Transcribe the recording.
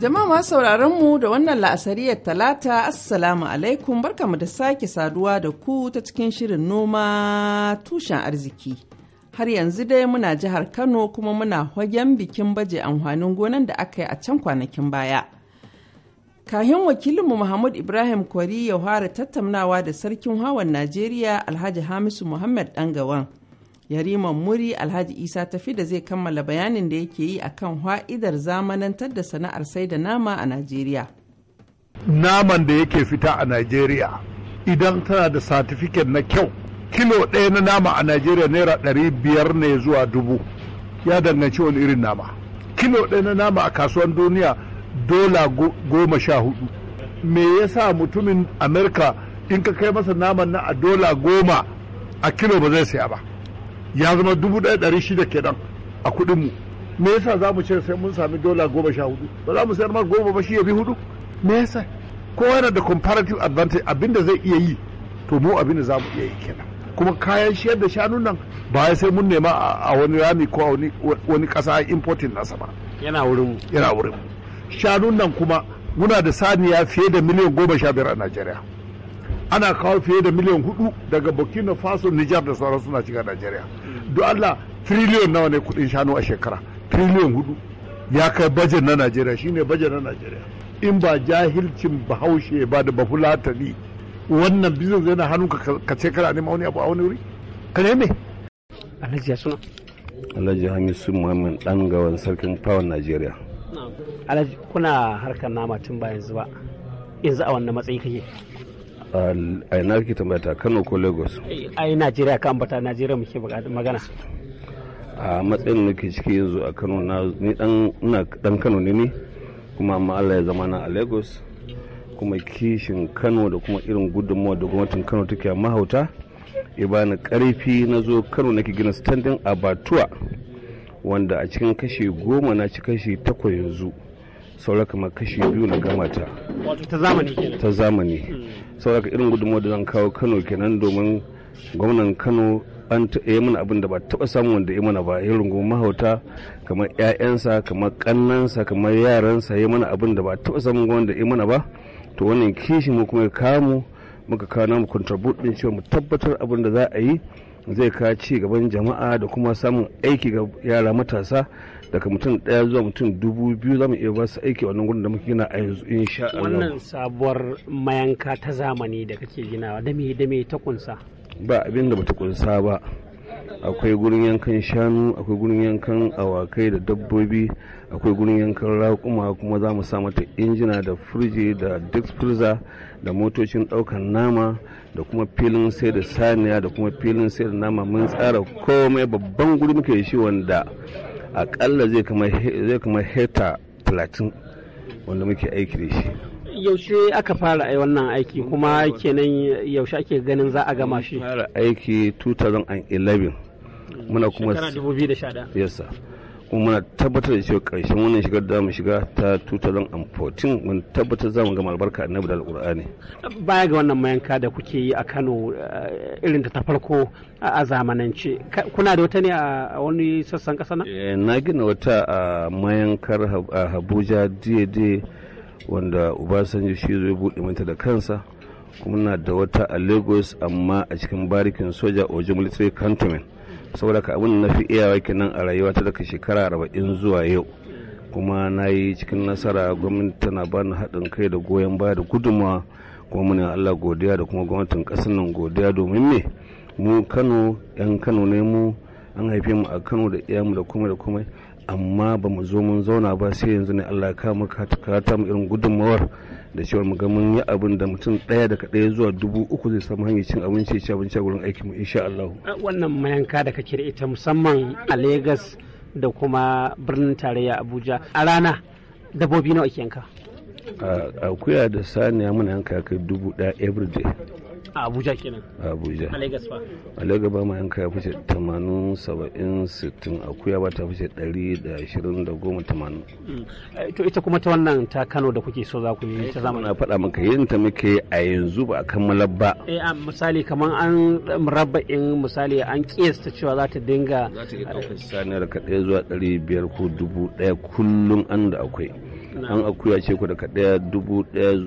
Jama'a masu sauraron mu da wannan la'asariyar talata assalamu alaikum mu da sake saduwa da ku ta cikin shirin noma tushen arziki. Har yanzu dai muna jihar Kano kuma muna hagen bikin baje amfanin gonan da aka yi a can kwanakin baya. Kahin wakilinmu Muhammad Ibrahim Kwari ya fara tattaunawa da sarkin hawan Najeriya Alhaji Hamisu Muhammad Dangawan. Yariman Muri Alhaji Isa tafi da zai kammala bayanin da yake yi akan fa'idar zamanantar da sana'ar sai da nama a Najeriya. Naman da yake fita a Najeriya idan tana da satifiket na kyau kilo ɗaya na nama a Najeriya naira ɗari biyar ne zuwa dubu ya danganci wani irin nama. Kilo ɗaya na nama a kasuwan duniya dola goma sha hudu. Me yasa mutumin Amerika in ka kai masa naman na a dola goma a kilo ba zai saya ba. ya zama dubu ɗaya ɗari shida kenan a kuɗinmu me yasa za mu ce sai mun sami dola goma sha hudu ba za mu sayar ma goma ba shi ya bi hudu me yasa ko yana da comparative advantage abinda zai iya yi to mu abinda za mu iya yi kenan kuma kayan shiyar da shanun nan ba sai mun nema a wani rami ko wani kasa importing nasa ba yana wurin yana wurin shanun nan kuma muna da saniya fiye da miliyan goma sha biyar a najeriya ana kawo fiye da miliyan hudu daga burkina faso nijar da sauran suna shiga najeriya duk Allah trillion nawa ne kudin shanu a shekara trillion hudu ya kai bajin na Najeriya shine bajin na Najeriya in ba jahilcin bahaushe ba da bafulatani wannan business zai na hannu ka ce kana neman wani abu a wani wuri ka neme me Alhaji ya suna Alhaji sun Muhammad dan gawan sarkin fawon Najeriya Alhaji kuna harkar nama tun bayan zuwa yanzu a wannan matsayi kake a ina kake tambata kano ko lagos yi najeriya kan bata najeriya muke magana a matsayin da ke ciki yanzu a kano na ni dan dan kano ne ne kuma amma Allah ya zama na a lagos kuma kishin kano da kuma irin gudunmawa da gwamnatin kano take mahauta ya bani karfi na zo kano nake gina standing abatuwa wanda a cikin kashe goma na ci kashe takwas yanzu saura kamar kashe biyu na gamata ta zamani ta zamani hmm. saboda irin gudunmawar da zan kawo kano kenan domin gwamnan kano an taɓa yi mana abin da ba taɓa samun wanda ya mana ba ya rungu mahauta kamar ƴaƴansa kamar ƙannansa kamar yaransa ya mana abin da ba taɓa samun wanda ya mana ba to wannan kishi mu kuma ya kamu muka kawo namu contribute din cewa mu tabbatar abin da za a yi zai kawo ci gaban jama'a da kuma samun aiki ga yara matasa daga mutum daya zuwa mutum dubu biyu za iya ba su aiki wannan gurin da muke gina a yanzu insha Allah wannan sabuwar mayanka ta zamani da kake ginawa da me da me ta kunsa ba abin da bata kunsa ba akwai gurin yankan shanu akwai gurin yankan awakai da dabbobi akwai gurin yankan raƙuma kuma za mu ta mata injina da firji da duk firza da motocin ɗaukar nama da kuma filin sai da saniya da kuma filin sai da nama mun tsara komai babban guri muke shi wanda akalla zai kamar heta platin wanda muke aiki da shi yaushe aka fara ai wannan aiki kuma kenan yaushe ake ganin za a gama shi fara aiki 2011 muna kuma 2011 yes sir kuma muna tabbatar da cewa karshen wannan shigar da mu shiga ta 2014 mun tabbatar za mu gama albarka annabi da alƙur'ani baya ga wannan mayanka da kuke yi a Kano eh, irin ta farko a zamanance kuna da wata ne a wani sassan kasa na eh, na gina wata a mayankar Abuja DD wanda Obasanjo shi zai buɗe mata da kansa kuma na da wata a Lagos amma a cikin barikin soja wajen military cantonment saboda ka abin na fi iyawa kenan a rayuwa ta daga shekara arba'in zuwa yau kuma na yi cikin nasara gwamnati tana bani haɗin kai da goyon baya da gudunmawa kuma muna allah godiya da kuma gwamnatin ƙasar nan godiya domin me mu kano 'yan kano ne mu an haife mu a kano da iyamu da kuma da kuma amma ba mu zo mun zauna ba sai yanzu ne Allah ka muka karata mu irin gudunmawar da cewa mu ga mun yi abin da mutum ɗaya daga ɗaya zuwa dubu uku zai samu hanyar cin abinci ci abinci a gurin aikin mu insha Allah wannan mayanka da kake da ita musamman a Legas da kuma birnin tarayya Abuja a rana dabbobi nawa yanka akuya da saniya muna yanka kai dubu ɗaya every day a abuja kenan a abuja a lagos ba ma yanka ya fice 80 70 60 akuya ba ta fice 120 da goma 80 mm. eh, to ita kuma ta wannan ta kano da kuke so za ku yi ta zamani na faɗa maka yin ta muke a yanzu ba a kammala ba eh a misali kamar an murabba'in misali an kiyasta cewa za ta dinga za ta iya ɗaukar saniyar ka ɗaya zuwa ɗari biyar ko dubu ɗaya kullum an da akwai an akuya ce ku daga ɗaya dubu ɗaya